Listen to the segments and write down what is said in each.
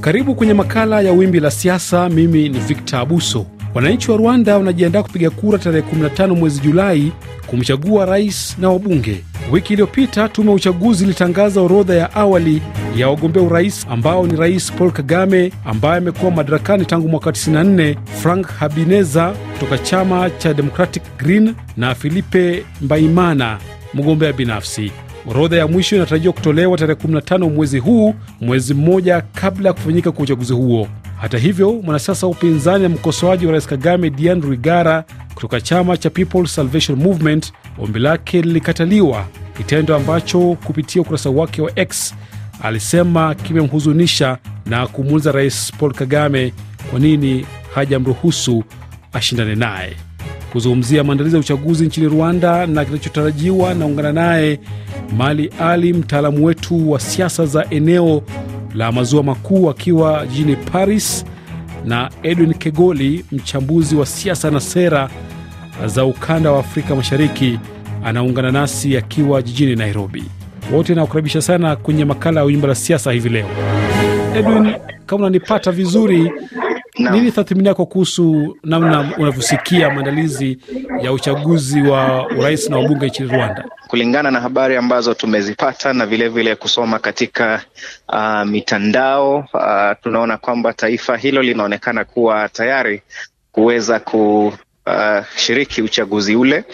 Karibu kwenye makala ya Wimbi la Siasa. Mimi ni Victor Abuso. Wananchi wa Rwanda wanajiandaa kupiga kura tarehe 15 mwezi Julai kumchagua rais na wabunge. Wiki iliyopita tume ya uchaguzi ilitangaza orodha ya awali ya wagombea urais ambao ni Rais Paul Kagame ambaye amekuwa madarakani tangu mwaka 94, Frank Habineza kutoka chama cha Democratic Green na Filipe Mbaimana mgombea binafsi. Orodha ya mwisho inatarajiwa kutolewa tarehe 15 mwezi huu, mwezi mmoja kabla ya kufanyika kwa uchaguzi huo. Hata hivyo, mwanasiasa wa upinzani na mkosoaji wa rais Kagame Dian Rwigara kutoka chama cha People's Salvation Movement, ombi lake lilikataliwa, kitendo ambacho kupitia ukurasa wake wa X alisema kimemhuzunisha na kumuuliza Rais Paul Kagame kwa nini hajamruhusu ashindane naye. Kuzungumzia maandalizi ya uchaguzi nchini Rwanda na kinachotarajiwa, naungana naye Mali Ali, mtaalamu wetu wa siasa za eneo la maziwa makuu akiwa jijini Paris, na Edwin Kegoli, mchambuzi wa siasa na sera za ukanda wa Afrika Mashariki, anaungana nasi akiwa jijini Nairobi. Wote nawakaribisha sana kwenye makala ya wimba la Siasa hivi leo. Edwin, kama unanipata vizuri, No. Nini tathmini yako kuhusu namna unavyosikia maandalizi ya uchaguzi wa urais na wabunge nchini Rwanda? Kulingana na habari ambazo tumezipata na vilevile vile kusoma katika uh, mitandao uh, tunaona kwamba taifa hilo linaonekana kuwa tayari kuweza ku kushiriki uh, uchaguzi ule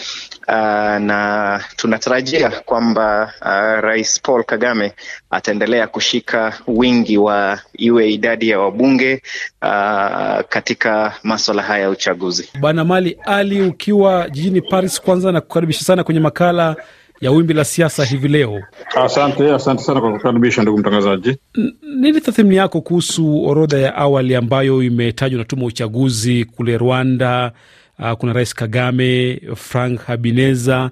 uh, na tunatarajia kwamba uh, Rais Paul Kagame ataendelea kushika wingi wa iwe idadi ya wabunge uh, katika maswala haya ya uchaguzi. Bwana Mali Ali, ukiwa jijini Paris, kwanza na kukaribisha sana kwenye makala ya wimbi la siasa hivi leo. Asante, asante sana kwa kukaribisha ndugu mtangazaji. Nini tathmini yako kuhusu orodha ya awali ambayo imetajwa na tuma uchaguzi kule Rwanda Uh, kuna Rais Kagame, Frank Habineza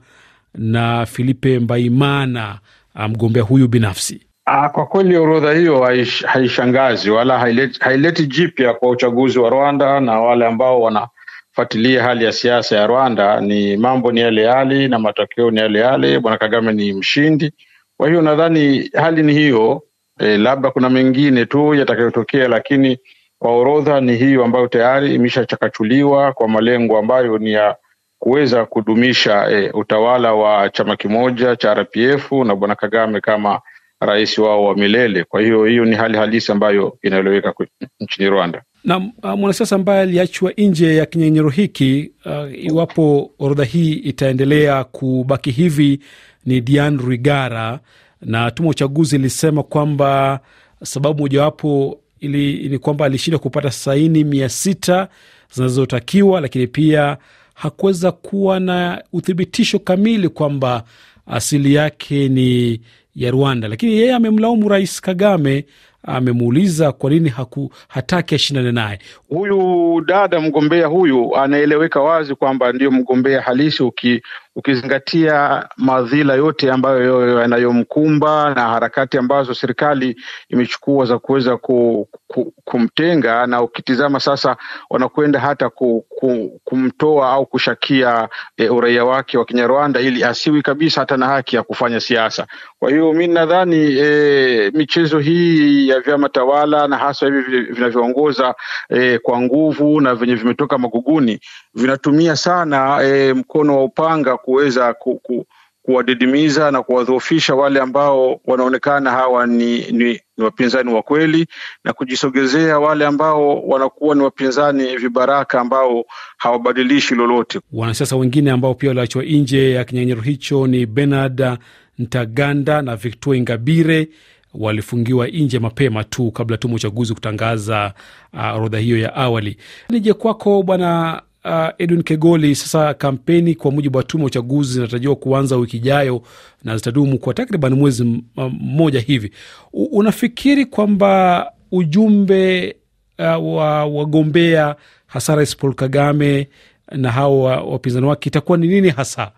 na Filipe Mbaimana, ah, mgombea um, huyu binafsi. Aa, ah, kwa kweli orodha hiyo haish, haishangazi wala haileti, haileti jipya kwa uchaguzi wa Rwanda na wale ambao wanafuatilia hali ya siasa ya Rwanda. Ni mambo ni yale yale na matokeo ni yale yale. Bwana Kagame ni mshindi, kwa hiyo nadhani hali ni hiyo. E, labda kuna mengine tu yatakayotokea, lakini kwa orodha ni hiyo ambayo tayari imeshachakachuliwa kwa malengo ambayo ni ya kuweza kudumisha e, utawala wa chama kimoja cha RPF na bwana Kagame kama rais wao wa milele. Kwa hiyo hiyo ni hali halisi ambayo inaeleweka nchini Rwanda. Na uh, mwanasiasa ambaye aliachwa nje ya kinyang'anyiro hiki uh, iwapo orodha hii itaendelea kubaki hivi ni Dian Rwigara, na tume ya uchaguzi ilisema kwamba sababu mojawapo ili ni kwamba alishindwa kupata saini mia sita zinazotakiwa, lakini pia hakuweza kuwa na uthibitisho kamili kwamba asili yake ni ya Rwanda. Lakini yeye amemlaumu Rais Kagame, amemuuliza kwa nini haku, hataki ashindane naye. Huyu dada mgombea huyu anaeleweka wazi kwamba ndiyo mgombea halisi uki ukizingatia madhila yote ambayo yanayomkumba na harakati ambazo serikali imechukua za kuweza ku, ku, kumtenga, na ukitizama sasa wanakwenda hata ku, ku, kumtoa au kushakia e, uraia wake wa Kinyarwanda ili asiwi kabisa hata na haki ya kufanya siasa. Kwa hiyo mi nadhani e, michezo hii ya vyama tawala na hasa hivi vinavyoongoza e, kwa nguvu na venye vimetoka maguguni vinatumia sana e, mkono wa upanga kuweza ku, ku, kuwadidimiza na kuwadhoofisha wale ambao wanaonekana hawa ni, ni, ni wapinzani wa kweli na kujisogezea wale ambao wanakuwa ni wapinzani vibaraka ambao hawabadilishi lolote. Wanasiasa wengine ambao pia waliachwa nje ya kinyanyiro hicho ni Bernard Ntaganda na Victoire Ingabire walifungiwa nje mapema tu kabla tume uchaguzi kutangaza uh, orodha uh, hiyo ya awali. Nije kwako bwana Uh, Edwin Kegoli, sasa kampeni kwa mujibu wa tume ya uchaguzi zinatarajiwa kuanza wiki ijayo na zitadumu kwa takriban mwezi mmoja hivi. U, unafikiri kwamba ujumbe uh, wa wagombea hasa Rais Paul Kagame na hawa wapinzani wake itakuwa ni nini hasa?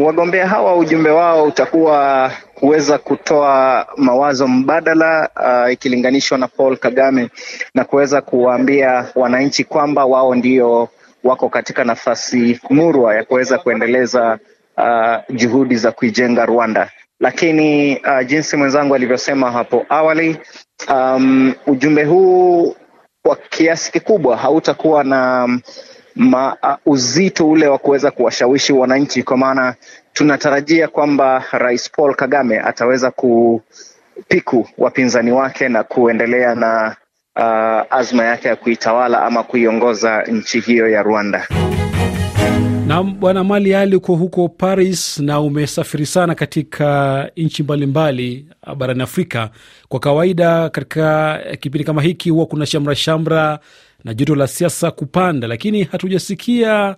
Wagombea hawa ujumbe wao utakuwa kuweza kutoa mawazo mbadala uh, ikilinganishwa na Paul Kagame na kuweza kuwaambia wananchi kwamba wao ndio wako katika nafasi murwa ya kuweza kuendeleza uh, juhudi za kuijenga Rwanda. Lakini uh, jinsi mwenzangu alivyosema hapo awali, um, ujumbe huu kwa kiasi kikubwa hautakuwa na um, ma, uh, uzito ule wa kuweza kuwashawishi wananchi, kwa maana tunatarajia kwamba Rais Paul Kagame ataweza kupiku wapinzani wake na kuendelea na uh, azma yake ya kuitawala ama kuiongoza nchi hiyo ya Rwanda. Na Bwana Mali Ali, uko huko Paris na umesafiri sana katika nchi mbalimbali uh, barani Afrika. Kwa kawaida katika uh, kipindi kama hiki huwa kuna shamra shamra na joto la siasa kupanda, lakini hatujasikia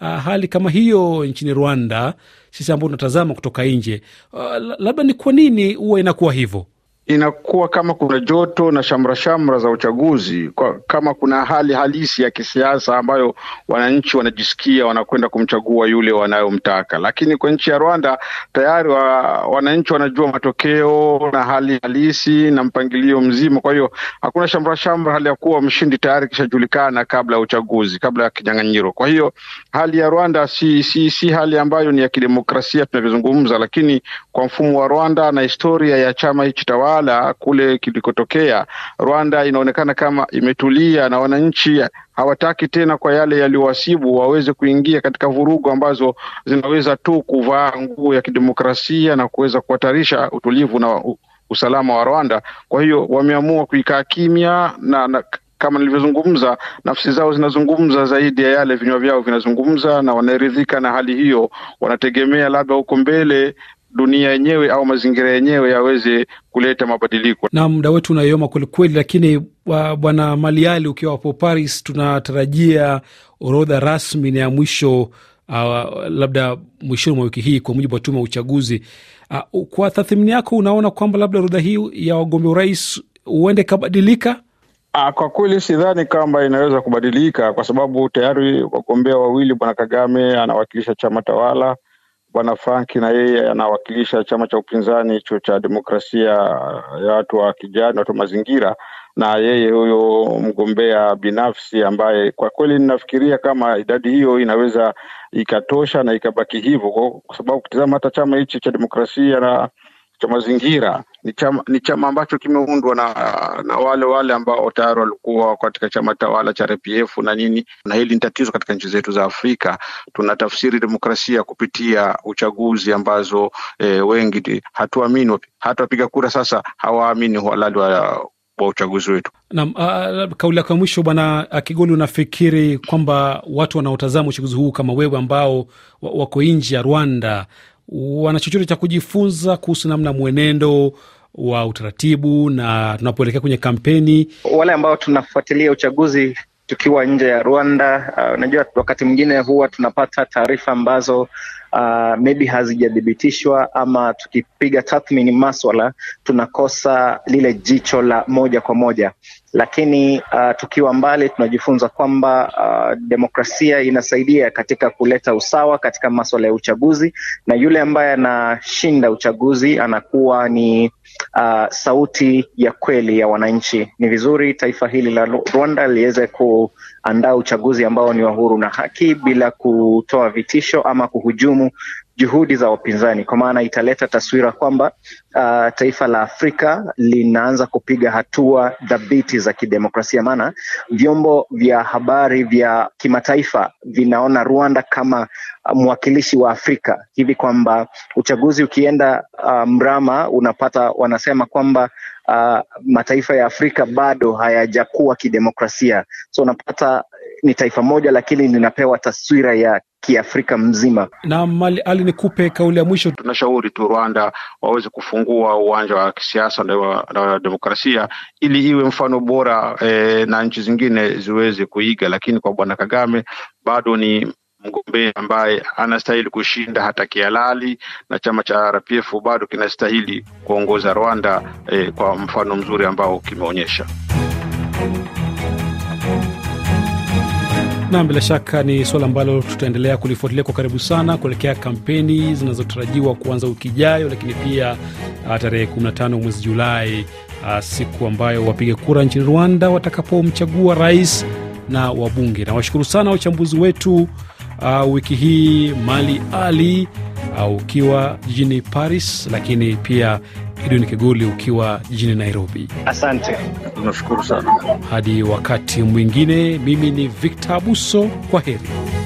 uh, hali kama hiyo nchini Rwanda, sisi ambao tunatazama kutoka nje. Uh, labda ni kwa nini huwa inakuwa hivyo? inakuwa kama kuna joto na shamra shamra za uchaguzi kwa, kama kuna hali halisi ya kisiasa ambayo wananchi wanajisikia wanakwenda kumchagua yule wanayomtaka. Lakini kwa nchi ya Rwanda tayari wa, wananchi wanajua matokeo na hali halisi na mpangilio mzima. Kwa hiyo hakuna shamra shamra, hali ya kuwa mshindi tayari kishajulikana kabla ya uchaguzi, kabla ya kinyang'anyiro. Kwa hiyo hali ya Rwanda si, si, si hali ambayo ni ya kidemokrasia tunavyozungumza, lakini kwa mfumo wa Rwanda na historia ya chama hichi tawala utawala kule kilikotokea Rwanda inaonekana kama imetulia na wananchi hawataki tena kwa yale yaliyowasibu waweze kuingia katika vurugu ambazo zinaweza tu kuvaa nguo ya kidemokrasia na kuweza kuhatarisha utulivu na usalama wa Rwanda. Kwa hiyo wameamua kuikaa kimya na, na kama nilivyozungumza, nafsi zao zinazungumza zaidi ya yale vinywa vyao vinazungumza, na wanaridhika na hali hiyo. Wanategemea labda huko mbele dunia yenyewe au mazingira yenyewe yaweze kuleta mabadiliko. Na muda wetu unayoma kwelikweli, lakini bwana Maliali, ukiwa hapo Paris, tunatarajia orodha rasmi na ya mwisho Uh, labda mwishoni mwa wiki hii kwa mujibu wa tume ya uchaguzi. Uh, kwa tathmini yako unaona kwamba labda orodha hii ya wagombea urais huenda ikabadilika? kwa kweli sidhani kama inaweza kubadilika kwa sababu tayari wagombea wawili, bwana Kagame anawakilisha chama tawala Bwana Franki na yeye anawakilisha chama cha upinzani hicho cha demokrasia ya watu wa kijani, watu wa mazingira, na yeye huyo mgombea binafsi ambaye kwa kweli ninafikiria kama idadi hiyo inaweza ikatosha na ikabaki hivyo, kwa sababu ukitizama hata chama hichi cha demokrasia na cha mazingira ni chama, ni chama ambacho kimeundwa na, na wale wale ambao tayari walikuwa katika chama tawala cha RPF na nini, na hili ni tatizo katika nchi zetu za Afrika. Tunatafsiri demokrasia kupitia uchaguzi ambazo e, wengi hatuamini, hata wapiga kura sasa hawaamini uhalali wa wa uchaguzi wetu. Naam, uh, kauli yako ya mwisho Bwana kigoli unafikiri kwamba watu wanaotazama uchaguzi huu kama wewe ambao wako nje ya Rwanda wana chochote cha kujifunza kuhusu namna mwenendo wa utaratibu na tunapoelekea kwenye kampeni? Wale ambao tunafuatilia uchaguzi tukiwa nje ya Rwanda, uh, unajua uh, wakati mwingine huwa tunapata taarifa ambazo uh, maybe hazijathibitishwa ama tukipiga tathmini maswala tunakosa lile jicho la moja kwa moja, lakini uh, tukiwa mbali tunajifunza kwamba uh, demokrasia inasaidia katika kuleta usawa katika maswala ya uchaguzi, na yule ambaye anashinda uchaguzi anakuwa ni uh, sauti ya kweli ya wananchi. Ni vizuri taifa hili la Rwanda liweze ku andaa uchaguzi ambao ni wa huru na haki bila kutoa vitisho ama kuhujumu juhudi za wapinzani, kwa maana italeta taswira kwamba uh, taifa la Afrika linaanza kupiga hatua dhabiti za kidemokrasia, maana vyombo vya habari vya kimataifa vinaona Rwanda kama uh, mwakilishi wa Afrika hivi kwamba uchaguzi ukienda uh, mrama, unapata wanasema kwamba uh, mataifa ya Afrika bado hayajakuwa kidemokrasia, so unapata ni taifa moja, lakini linapewa taswira ya kiafrika mzima. Naam, Ali, nikupe kauli ya mwisho. Tunashauri tu Rwanda waweze kufungua uwanja wa kisiasa na demokrasia ili iwe mfano bora e, na nchi zingine ziweze kuiga, lakini kwa bwana Kagame bado ni mgombea ambaye anastahili kushinda hata kialali na chama cha RPF bado kinastahili kuongoza Rwanda e, kwa mfano mzuri ambao kimeonyesha. Nam, bila shaka ni suala ambalo tutaendelea kulifuatilia kwa karibu sana kuelekea kampeni zinazotarajiwa kuanza wiki ijayo, lakini pia ah, tarehe 15 mwezi Julai, ah, siku ambayo wapiga kura nchini Rwanda watakapomchagua rais na wabunge. nawashukuru sana wachambuzi wetu ah, wiki hii Mali Ali au ukiwa jijini Paris, lakini pia Iduni Kiguli ukiwa jijini Nairobi. Asante, tunashukuru sana. Hadi wakati mwingine, mimi ni Victor Abuso, kwa heri.